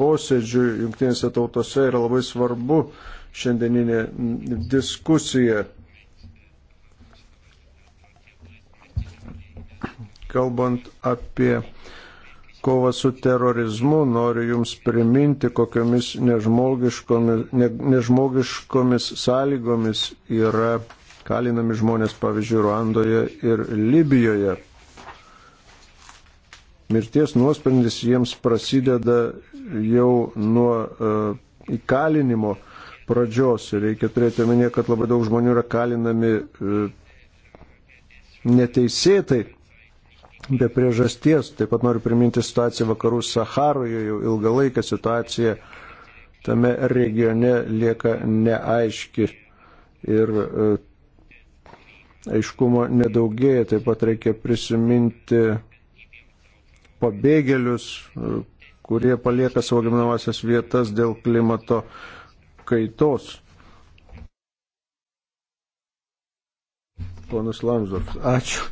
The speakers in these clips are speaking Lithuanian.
posėdžiui jungtinėse tautose yra labai svarbu šiandieninė diskusija. Kalbant apie kovą su terorizmu, noriu Jums priminti, kokiamis nežmogiškomis, ne, nežmogiškomis sąlygomis yra kalinami žmonės, pavyzdžiui, Ruandoje ir Libijoje. Mirties nuosprendis jiems prasideda jau nuo e, įkalinimo pradžios. Reikia turėti omenyje, kad labai daug žmonių yra kalinami e, neteisėtai, be priežasties. Taip pat noriu priminti situaciją vakarų Saharoje, jau ilgalaikę situaciją tame regione lieka neaiški ir e, aiškumo nedaugėja. Taip pat reikia prisiminti pabėgėlius, kurie palieka savo gimnavasias vietas dėl klimato kaitos. Ponas Lamsdorf, ačiū.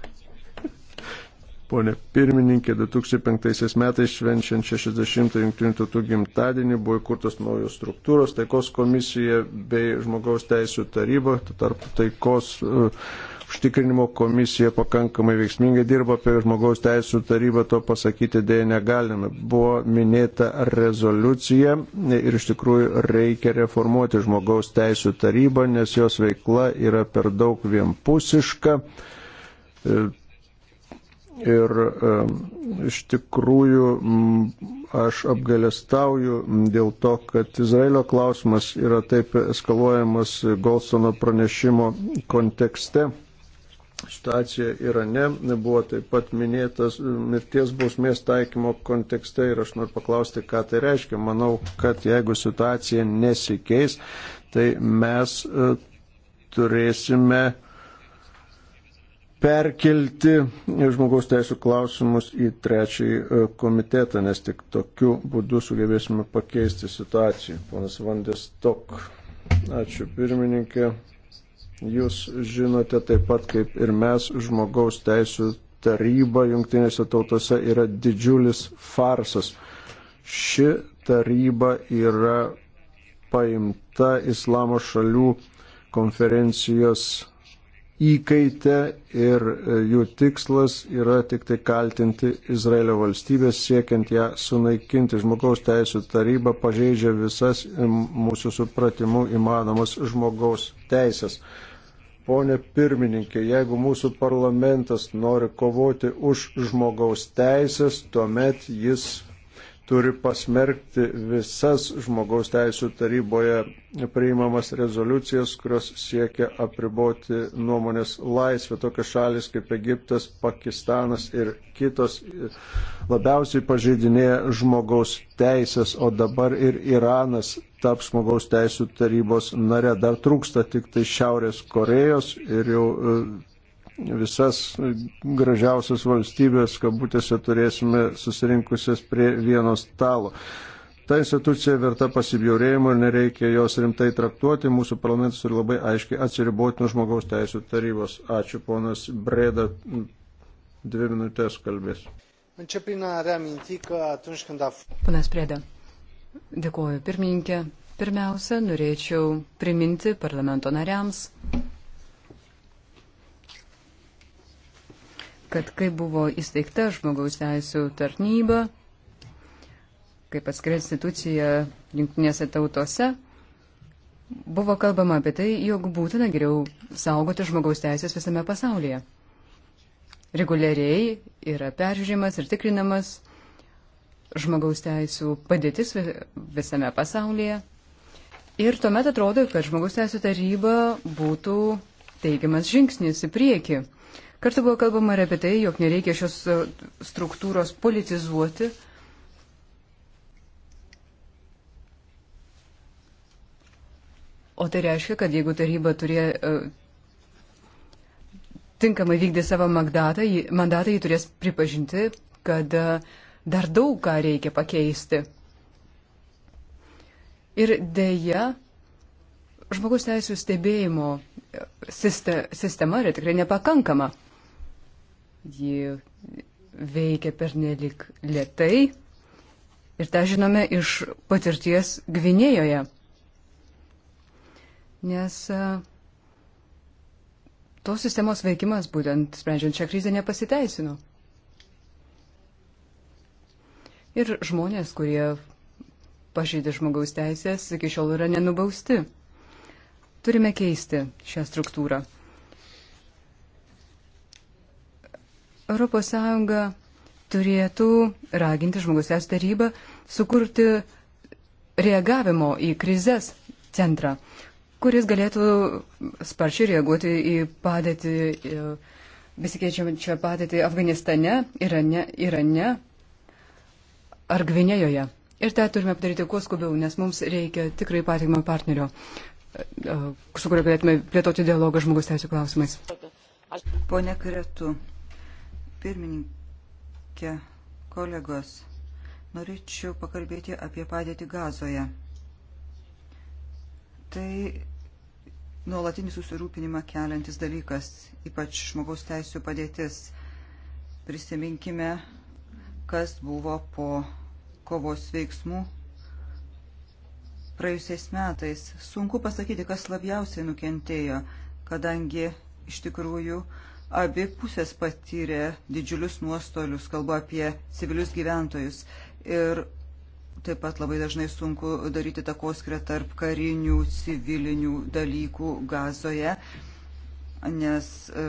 Pone pirmininkė, 2005 metais švenčiant 60 jungtinių tautų gimtadienį buvo įkurtos naujos struktūros, taikos komisija bei žmogaus teisų taryba, tarp taikos uh, užtikrinimo komisija pakankamai veiksmingai dirba, apie žmogaus teisų tarybą to pasakyti dėja negalime. Buvo minėta rezoliucija ir iš tikrųjų reikia reformuoti žmogaus teisų tarybą, nes jos veikla yra per daug vienpusiška. Ir iš tikrųjų aš apgalestauju dėl to, kad Izraelio klausimas yra taip eskaluojamas Golsono pranešimo kontekste situacija Irane buvo taip pat minėtas mirties bausmės taikymo kontekste ir aš noriu paklausti, ką tai reiškia. Manau, kad jeigu situacija nesikeis, tai mes e, turėsime perkelti žmogaus teisų klausimus į trečiąjį e, komitetą, nes tik tokiu būdu sugebėsime pakeisti situaciją. Ponas Vandės Tok. Ačiū pirmininkė. Jūs žinote taip pat kaip ir mes, žmogaus teisų taryba jungtinėse tautose yra didžiulis farsas. Ši taryba yra paimta islamo šalių konferencijos įkaitę ir e, jų tikslas yra tik tai kaltinti Izraelio valstybės siekiant ją sunaikinti. Žmogaus teisų taryba pažeidžia visas e, mūsų supratimu įmanomas žmogaus teisės. Pone pirmininkė, jeigu mūsų parlamentas nori kovoti už žmogaus teisės, tuomet jis turi pasmerkti visas žmogaus teisų taryboje priimamas rezoliucijas, kurios siekia apriboti nuomonės laisvę. Tokios šalis kaip Egiptas, Pakistanas ir kitos labiausiai pažeidinėja žmogaus teisės, o dabar ir Iranas taps žmogaus teisų tarybos nare. Dar trūksta tik tai Šiaurės Korejos ir jau visas gražiausias valstybės, kabutėse, turėsime susirinkusias prie vieno stalo. Ta institucija verta pasibjaurėjimo ir nereikia jos rimtai traktuoti. Mūsų parlamentas turi labai aiškiai atsiriboti nuo žmogaus teisų tarybos. Ačiū, ponas Breda. Dvi minutės kalbės. Ponas Prėda, dėkuoju pirmininkė. Pirmiausia, norėčiau priminti parlamento nariams, kad kai buvo įsteigta žmogaus teisų tarnyba, kaip atskira institucija jungtinėse tautose, buvo kalbama apie tai, jog būtina geriau saugoti žmogaus teisės visame pasaulyje. Reguliariai yra peržiūrimas ir tikrinamas žmogaus teisų padėtis visame pasaulyje. Ir tuomet atrodo, kad žmogaus teisų taryba būtų teigiamas žingsnis į priekį. Kartu buvo kalbama ir apie tai, jog nereikia šios e, struktūros politizuoti. O tai reiškia, kad jeigu taryba turė, e, tinkamai vykdė savo mandatą, mandatą jį turės pripažinti, kad e, dar daug ką reikia pakeisti. Ir dėja, žmogus teisų stebėjimo sistema yra tikrai nepakankama ji veikia pernelik lietai ir tą žinome iš patirties Gvinėjoje. Nes e, tos sistemos veikimas būtent sprendžiant šią krizę nepasiteisino. Ir žmonės, kurie pažeidė žmogaus teisės, iki šiol yra nenubausti. Turime keisti šią struktūrą. ES turėtų raginti žmogus es tarybą sukurti reagavimo į krizės centrą, kuris galėtų sparčiai reaguoti į padėtį, besikeičiančią padėtį Afganistane, Irane, Irane ar Gvinėjoje. Ir tą turime padaryti kuo skubiau, nes mums reikia tikrai patikimo partnerio, e, su kuriuo galėtume plėtoti dialogą žmogus teisų klausimais. Pone Kretu, pirmininkė, kolegos, norėčiau pakalbėti apie padėtį gazoje. Tai nuolatinį susirūpinimą keliantis dalykas, ypač žmogaus teisų padėtis. Prisiminkime, kas buvo po kovos veiksmų praėjusiais metais. Sunku pasakyti, kas labiausiai nukentėjo, kadangi iš tikrųjų uh, Abi pusės patyrė didžiulius nuostolius, kalbu apie civilius gyventojus. Ir taip pat labai dažnai sunku daryti takoskirą tarp karinių, civilinių dalykų gazoje, nes e,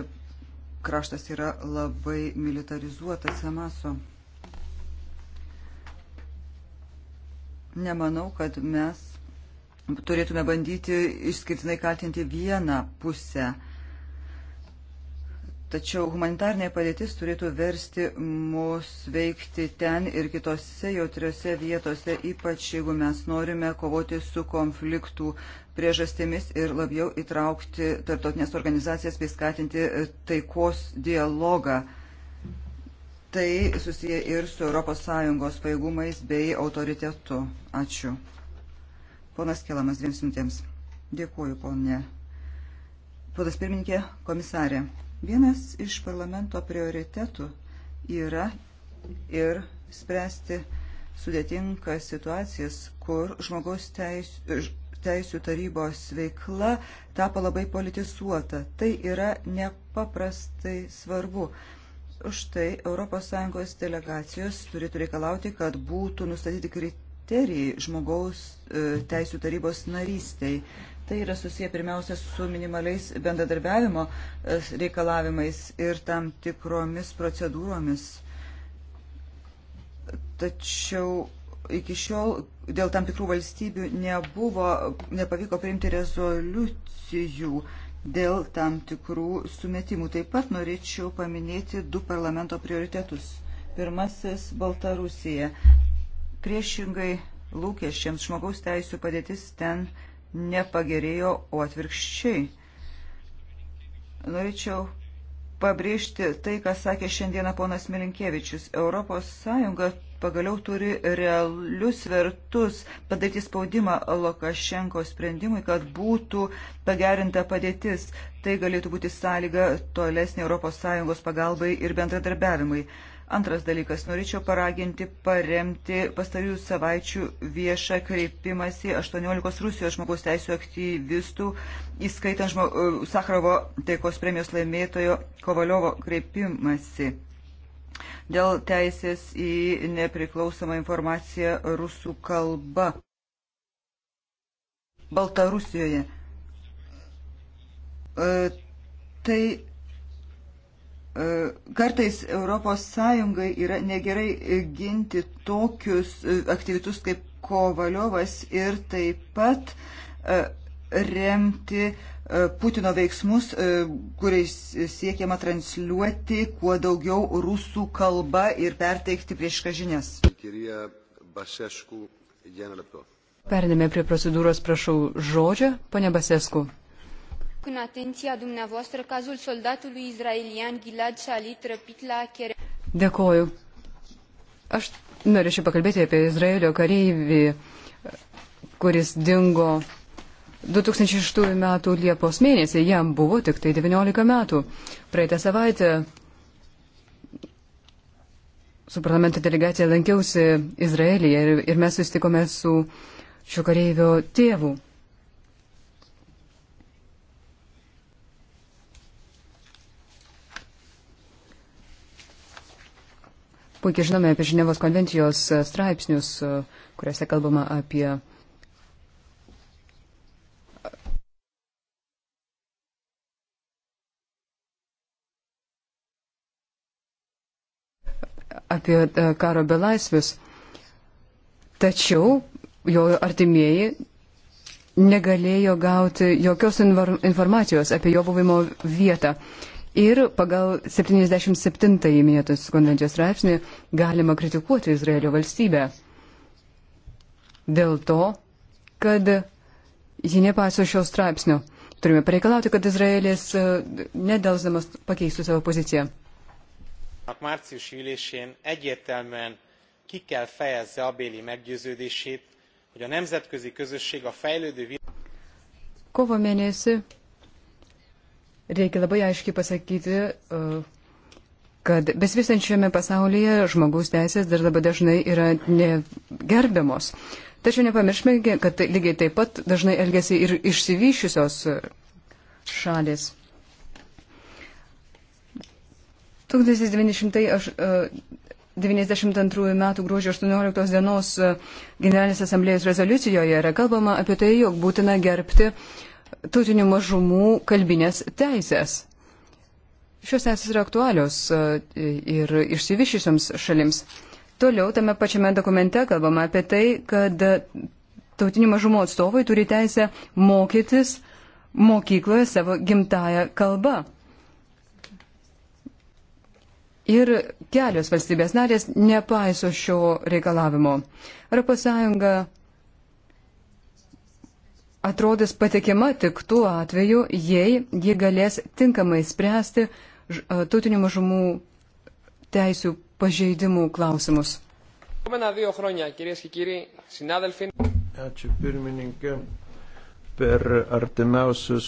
kraštas yra labai militarizuotas Hamaso. Nemanau, kad mes turėtume bandyti išskirtinai kaltinti vieną pusę. Tačiau humanitarnė padėtis turėtų versti mus veikti ten ir kitose jautriose vietose, ypač jeigu mes norime kovoti su konfliktų priežastėmis ir labiau įtraukti tarptautinės organizacijas bei skatinti taikos dialogą. Tai susiję ir su ES pajėgumais bei autoritetu. Ačiū. Ponas Kelamas, dviems mintėms. Dėkuoju, ponė. Ponas pirmininkė, komisarė. Vienas iš parlamento prioritetų yra ir spręsti sudėtingas situacijas, kur žmogaus teisų, teisų tarybos veikla tapo labai politizuota. Tai yra nepaprastai svarbu. Už tai ES delegacijos turėtų reikalauti, kad būtų nustatyti kriterijai žmogaus e, teisų tarybos narystiai. Tai yra susiję pirmiausia su minimaliais bendradarbiavimo e, reikalavimais ir tam tikromis procedūromis. Tačiau iki šiol dėl tam tikrų valstybių nebuvo, nepavyko priimti rezoliucijų dėl tam tikrų sumetimų. Taip pat norėčiau paminėti du parlamento prioritetus. Pirmasis - Baltarusija. Priešingai lūkesčiams žmogaus teisų padėtis ten nepagerėjo, o atvirkščiai. Norėčiau pabrėžti tai, ką sakė šiandieną ponas Milinkievičius. Europos Sąjunga pagaliau turi realius vertus padaryti spaudimą Lokašenko sprendimui, kad būtų pagerinta padėtis. Tai galėtų būti sąlyga tolesnė ES pagalbai ir bendradarbiavimui. Antras dalykas, norėčiau paraginti paremti pastarių savaičių viešą kreipimąsi 18 Rusijos žmogaus teisų aktyvistų, įskaitant žmog... E, Sakrovo taikos premijos laimėtojo Kovaliovo kreipimąsi. Dėl teisės į nepriklausomą informaciją rusų kalba Baltarusijoje. E, tai Kartais ES yra negerai ginti tokius e, aktyvitus kaip Kovaliovas ir taip pat e, remti e, Putino veiksmus, kuriais siekiama transliuoti kuo daugiau rusų kalbą ir perteikti prieš kažinės. Perinėme prie procedūros, prašau žodžio, ponia Basesku în atenția dumneavoastră cazul soldatului izraelian Gilad Shalit răpit la Keren. Dėkoju. Aš norėčiau pakalbėti apie Izraelio kareivį, kuris dingo 2006 m. Liepos mėnesį. Jam buvo tik tai 19 metų. Praeitą savaitę su parlamento delegacija lankiausi Izraelyje ir, ir mes susitikome su šio kareivio tėvu. Puikiai žinome apie Ženevos konvencijos e, straipsnius, e, kuriuose kalbama apie e, apie karo belaisvius. Tačiau jo artimieji negalėjo gauti jokios informacijos apie jo buvimo vietą. Ir pagal 77-ąjį minėtus konvencijos straipsnį galima kritikuoti Izraelio valstybę. Dėl to, kad ji nepaiso šio straipsnio. Turime pareikalauti, kad Izraelis e, nedelsdamas pakeistų savo poziciją. Március ülésén egyértelműen ki kell fejezze abéli meggyőződését, hogy a nemzetközi közösség a fejlődő Kovo mėnesį Reikia labai aiškiai pasakyti, e, kad besivystančiame pasaulyje žmogaus teisės dar labai dažnai yra negerbiamos. Tačiau nepamirškime, kad lygiai taip pat dažnai elgesi ir išsivyšiusios šalis. 1992 m. gruodžio 18 dienos e, Generalinės asamblėjos rezoliucijoje yra kalbama apie tai, jog būtina gerbti uh, tautinių mažumų kalbinės teisės. Šios teisės yra aktualios e, ir išsivyšysioms šalims. Toliau tame pačiame dokumente kalbama apie tai, kad tautinių mažumų atstovai turi teisę mokytis mokykloje savo gimtają kalbą. Ir kelios valstybės narės nepaiso šio reikalavimo. ES atrodys patikima tik tuo atveju, jei ji galės tinkamai spręsti tautinių mažumų teisų pažeidimų klausimus. Ačiū pirmininkė. Per artimiausius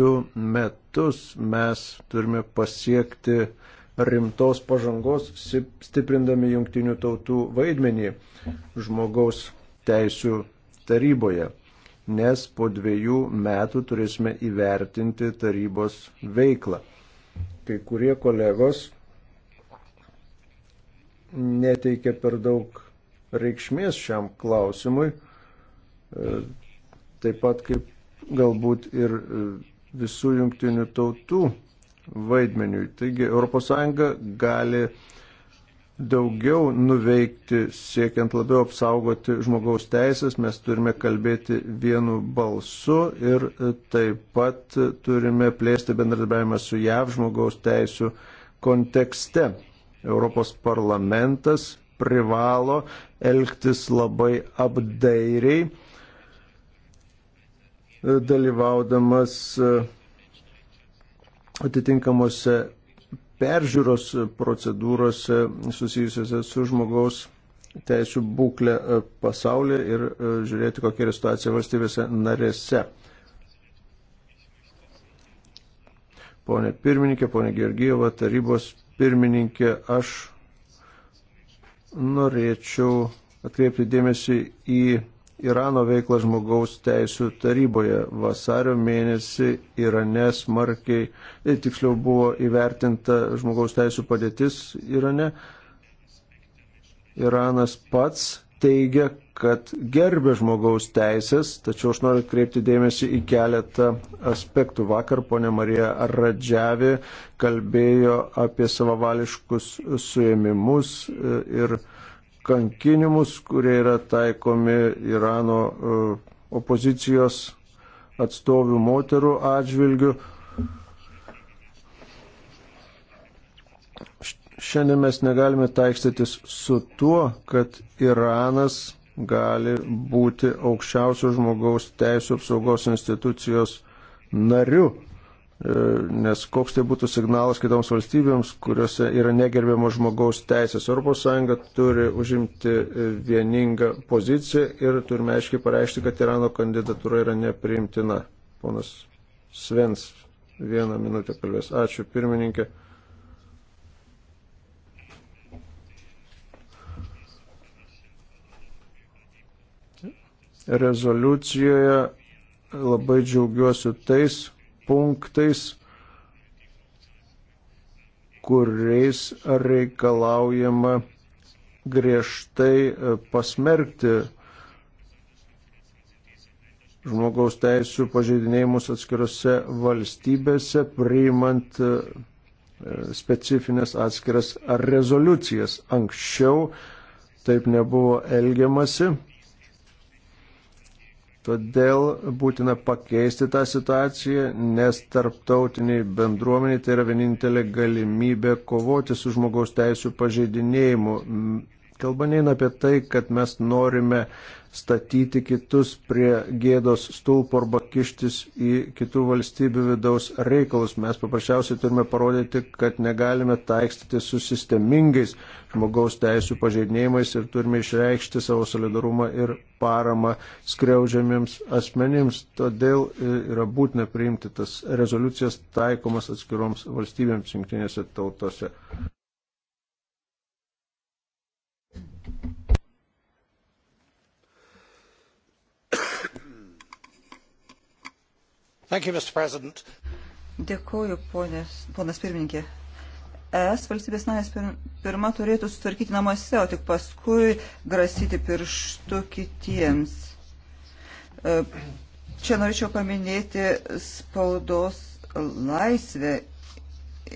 du metus mes turime pasiekti rimtos pažangos, stiprindami jungtinių tautų vaidmenį žmogaus teisų taryboje nes po dviejų metų turėsime įvertinti tarybos veiklą. Kai kurie kolegos neteikia per daug reikšmės šiam klausimui, e, taip pat kaip galbūt ir e, visų jungtinių tautų vaidmeniui. Taigi ES gali daugiau nuveikti, siekiant labiau apsaugoti žmogaus teisės, mes turime kalbėti vienu balsu ir taip pat turime plėsti bendradarbiavimą su JAV žmogaus teisų kontekste. Europos parlamentas privalo elgtis labai apdairiai, dalyvaudamas e, atitinkamuose peržiūros procedūrose susijusiuose su žmogaus teisų būklę e, pasaulyje ir e, žiūrėti, kokia yra situacija valstybėse narėse. Pone pirmininkė, pone Gergijova, tarybos pirmininkė, aš norėčiau atkreipti dėmesį į Irano veiklą žmogaus teisų taryboje. Vasario mėnesį Irane smarkiai, e, tiksliau buvo įvertinta žmogaus teisų padėtis Irane. Iranas pats teigia, kad gerbė žmogaus teisės, tačiau aš noriu kreipti dėmesį į keletą aspektų. Vakar ponė Marija Radžiavė kalbėjo apie savavališkus suėmimus e, ir kankinimus, kurie yra taikomi Irano e, opozicijos atstovių moterų atžvilgių. Šiandien mes negalime taikstytis su tuo, kad Iranas gali būti aukščiausios žmogaus teisų apsaugos institucijos nariu. E, nes koks tai būtų signalas kitoms valstybėms, kuriuose yra negerbiamos žmogaus teisės. ES turi užimti e, vieningą poziciją ir turime aiškiai pareišti, kad Irano kandidatūra yra nepriimtina. Ponas Svens, vieną minutę kalbės. Ačiū, pirmininkė. Rezoliucijoje labai džiaugiuosi tais, punktais, kuriais reikalaujama griežtai e, pasmerkti žmogaus teisų pažeidinėjimus atskirose valstybėse, priimant e, specifines atskiras rezoliucijas. Anksčiau taip nebuvo elgiamasi. Todėl būtina pakeisti tą situaciją, nes tarptautiniai bendruomeniai tai yra vienintelė galimybė kovoti su žmogaus teisų pažeidinėjimu. Kalba neina apie tai, kad mes norime statyti kitus prie gėdos stulpo arba kištis į kitų valstybių vidaus reikalus. Mes paprasčiausiai turime parodyti, kad negalime taikstyti su sistemingais žmogaus teisų pažeidinėjimais ir turime išreikšti savo solidarumą ir paramą skriaudžiamiems asmenims. Todėl e, yra būtina priimti tas rezoliucijas taikomas atskiroms valstybėms jungtinėse tautose. You, Dėkuoju, ponės, ponas pirmininkė. Es valstybės narės pirma turėtų sutvarkyti namuose, o tik paskui grasyti pirštu kitiems. E, čia norėčiau paminėti spaudos laisvę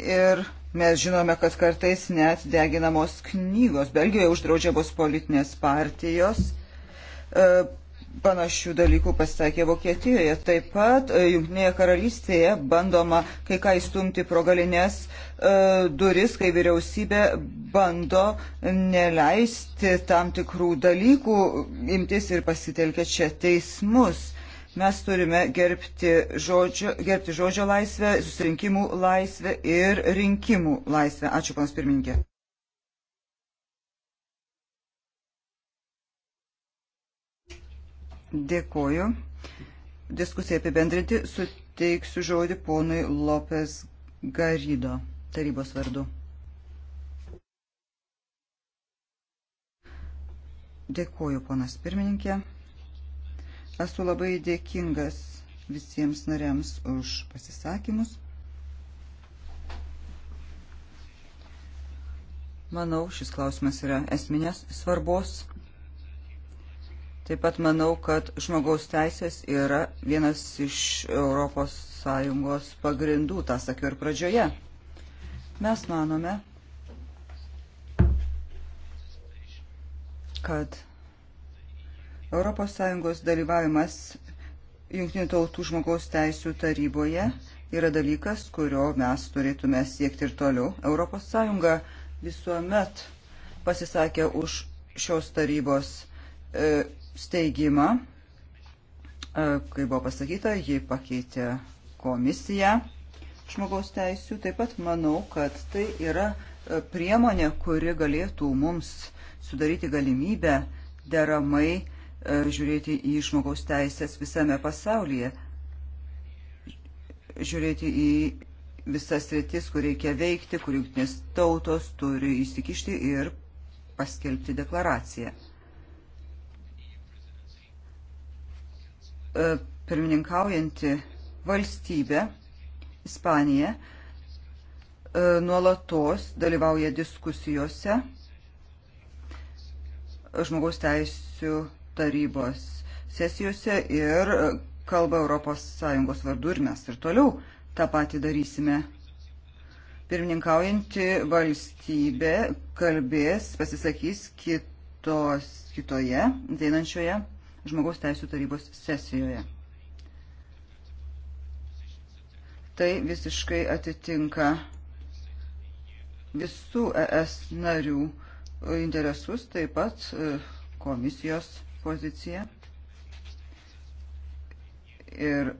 ir Mes žinome, kad kartais net deginamos knygos. Belgijoje uždraudžiamos politinės partijos. E, panašių dalykų pasakė Vokietijoje. Taip pat e, Junktinėje karalystėje bandoma kai ką įstumti pro galinės e, duris, kai vyriausybė bando neleisti tam tikrų dalykų imtis ir pasitelkia čia teismus. Mes turime gerbti žodžio, gerbti žodžio laisvę, susirinkimų laisvę ir rinkimų laisvę. Ačiū, panas pirmininkė. Dėkoju. Diskusija apibendrinti suteiksiu žodį ponui Lopes Garido tarybos vardu. Dėkoju, ponas pirmininkė. Esu labai dėkingas visiems nariams už pasisakymus. Manau, šis klausimas yra esminės svarbos. Taip pat manau, kad žmogaus teisės yra vienas iš ES pagrindų, tą sakiau ir pradžioje. Mes manome, kad ES dalyvavimas Junktinių tautų žmogaus teisų taryboje yra dalykas, kurio mes turėtume siekti ir toliau. ES visuomet pasisakė už šios tarybos e, steigimą. E, Kai buvo pasakyta, ji pakeitė komisiją žmogaus teisų. Taip pat manau, kad tai yra e, priemonė, kuri galėtų mums sudaryti galimybę deramai e, žiūrėti į žmogaus teisės visame pasaulyje, žiūrėti į visas rytis, kur reikia veikti, kur jungtinės tautos turi įsikišti ir paskelbti deklaraciją. E, pirmininkaujanti valstybė, Ispanija, e, nuolatos dalyvauja diskusijose žmogaus teisų tarybos sesijose ir kalba ES vardu ir mes ir toliau tą patį darysime. Pirmininkaujanti valstybė kalbės, pasisakys kitos, kitoje, ateinančioje žmogaus teisų tarybos sesijoje. Tai visiškai atitinka visų ES narių interesus, taip pat e, komisijos poziciją. Ir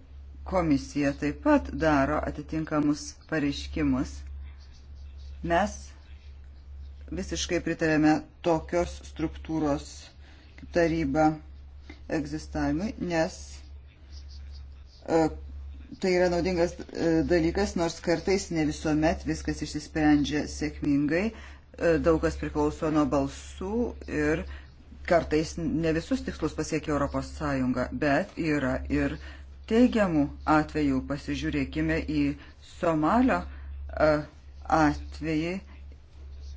komisija taip pat daro atitinkamus pareiškimus. Mes visiškai pritarėme tokios struktūros kaip taryba egzistavimui, nes e, tai yra naudingas e, dalykas, nors kartais ne visuomet viskas išsisprendžia sėkmingai, e, daug kas priklauso nuo balsų ir kartais ne visus tikslus pasiekia Europos Sąjunga, bet yra ir teigiamų atvejų. Pasižiūrėkime į Somalio atvejį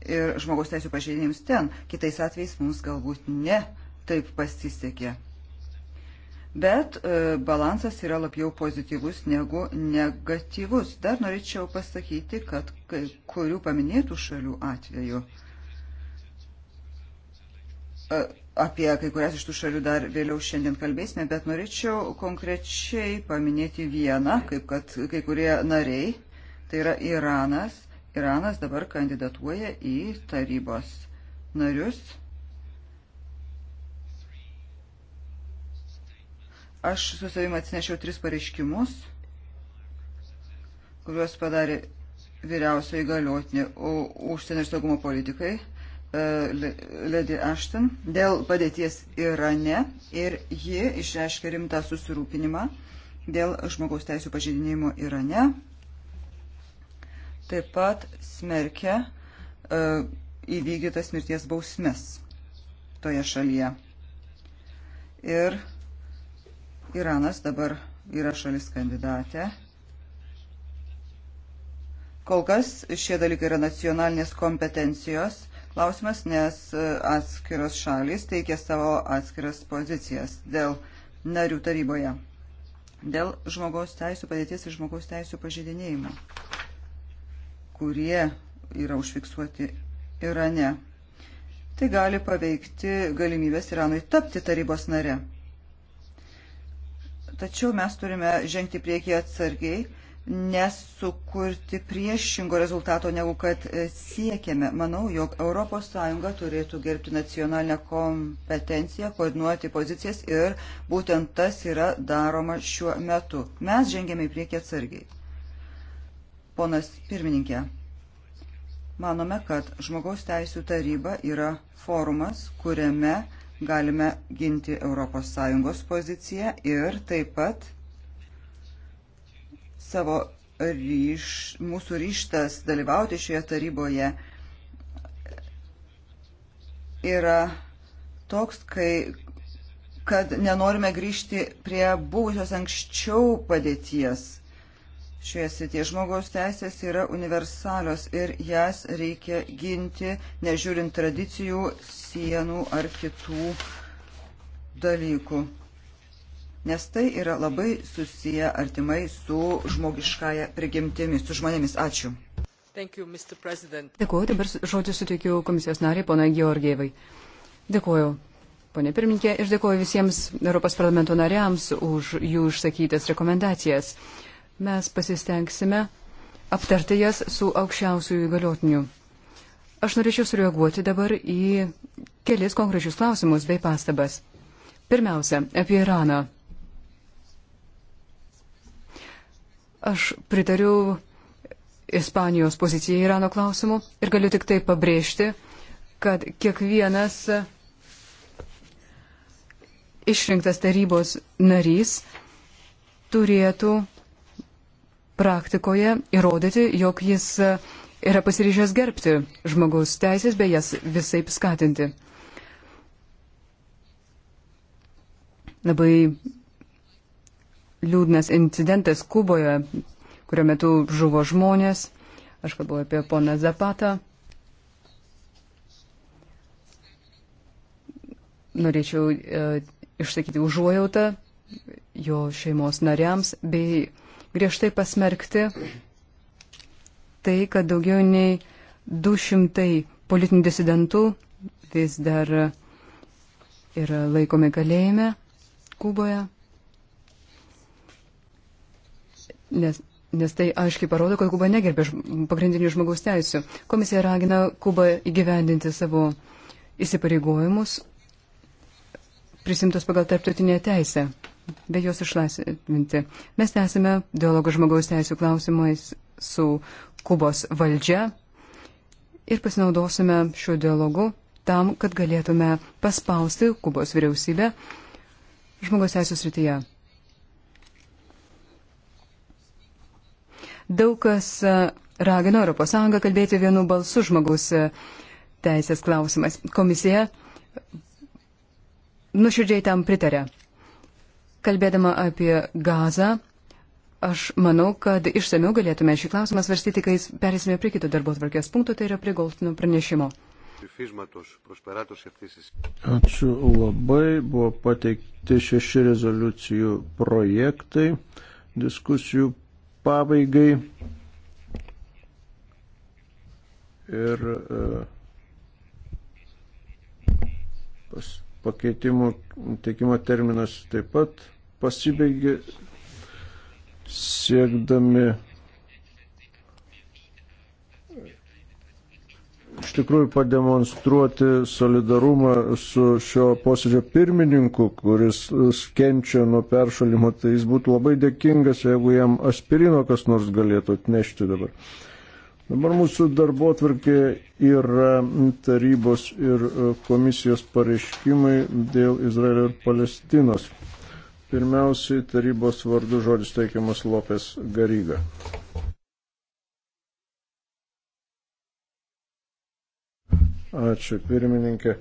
ir žmogaus teisų pažeidėjams ten. Kitais atvejais mums galbūt ne taip pasisekė bet e, balansas yra labiau pozityvus negu negatyvus. Dar norėčiau pasakyti, kad kai kurių paminėtų šalių atveju e, apie kai kurias iš tų šalių dar vėliau šiandien kalbėsime, bet norėčiau konkrečiai paminėti vieną, kaip kad kai kurie nariai, tai yra Iranas. Iranas dabar kandidatuoja į tarybos narius. Aš su savim atsinešiau tris pareiškimus, kuriuos padarė vyriausio įgaliotinė užsienio ir saugumo politikai, e, Lady Ashton, dėl padėties Irane ir ji išreiškė rimtą susirūpinimą dėl žmogaus teisų pažydinėjimo Irane. Taip pat smerkia e, įvykdytas mirties bausmes toje šalyje. Ir Iranas dabar yra šalis kandidatė. Kol kas šie dalykai yra nacionalinės kompetencijos klausimas, nes e, atskiros šalis teikia savo atskiras pozicijas dėl narių taryboje, dėl žmogaus teisų padėties ir žmogaus teisų pažydinėjimo, kurie yra užfiksuoti Irane. Tai gali paveikti galimybės Iranui tapti tarybos nare. Tačiau mes turime žengti priekį atsargiai, nesukurti priešingo rezultato, negu kad e, siekiame. Manau, jog ES turėtų gerbti nacionalinę kompetenciją, koordinuoti pozicijas ir būtent tas yra daroma šiuo metu. Mes žengėme į priekį atsargiai. Ponas pirmininkė, manome, kad žmogaus teisų taryba yra forumas, kuriame galime ginti ES poziciją ir taip pat savo ryš, mūsų ryštas dalyvauti šioje taryboje yra toks, kai, kad nenorime grįžti prie buvusios anksčiau padėties šioje srityje. Žmogaus teisės yra universalios ir jas reikia ginti, nežiūrint tradicijų, sienų ar kitų dalykų. Nes tai yra labai susiję artimai su žmogiškąja prigimtimi, su žmonėmis. Ačiū. You, Dėkuoju, dabar žodžiu suteikiu komisijos nariai, ponai Georgievai. Dėkuoju. Pone pirmininkė, ir dėkuoju visiems Europos parlamento nariams už jų išsakytas rekomendacijas mes pasistengsime aptarti jas su aukščiausiųjų įgaliotiniu. Aš norėčiau sureaguoti dabar į kelis konkrečius klausimus bei pastabas. Pirmiausia, apie Iraną. Aš pritariu Ispanijos pozicijai Irano klausimu ir galiu tik tai pabrėžti, kad kiekvienas išrinktas tarybos narys turėtų praktikoje įrodyti, jog jis e, yra pasiryžęs gerbti žmogaus teisės bei jas visai skatinti. Labai liūdnas incidentas Kuboje, kurio metu žuvo žmonės. Aš kalbu apie poną Zapatą. Norėčiau e, išsakyti užuojautą jo šeimos nariams bei griežtai pasmerkti tai, kad daugiau nei 200 politinių disidentų vis dar yra laikomi kalėjime Kuboje. Nes, nes tai aiškiai parodo, kad Kuba negerbė pagrindinių žmogaus teisų. Komisija ragina Kubą įgyvendinti savo įsipareigojimus prisimtus pagal tarptautinę teisę be jos išlaisvinti. Mes tęsime dialogą žmogaus teisų klausimais su Kubos valdžia ir pasinaudosime šiuo dialogu tam, kad galėtume paspausti Kubos vyriausybę žmogaus teisų srityje. Daug kas e, ragino ES kalbėti vienu balsu žmogaus e, teisės klausimais. Komisija nuširdžiai tam pritarė. Kalbėdama apie gazą, aš manau, kad išsamiau galėtume šį klausimą svarstyti, kai perėsime prie kito darbo tvarkės punkto, tai yra prie Goltino pranešimo. Ačiū labai, buvo pateikti šeši rezoliucijų projektai diskusijų pabaigai. Ir e, pas, pakeitimų teikimo terminas taip pat pasibaigė siekdami iš tikrųjų pademonstruoti solidarumą su šio posėdžio pirmininku, kuris kenčia nuo peršalimo, tai jis būtų labai dėkingas, jeigu jam aspirino kas nors galėtų atnešti dabar. Dabar mūsų darbo atvarkė yra tarybos ir komisijos pareiškimai dėl Izraelio ir Palestinos. Pirmiausiai tarybos vardu žodis teikiamas Lopės Garyga. Ačiū, pirmininkė.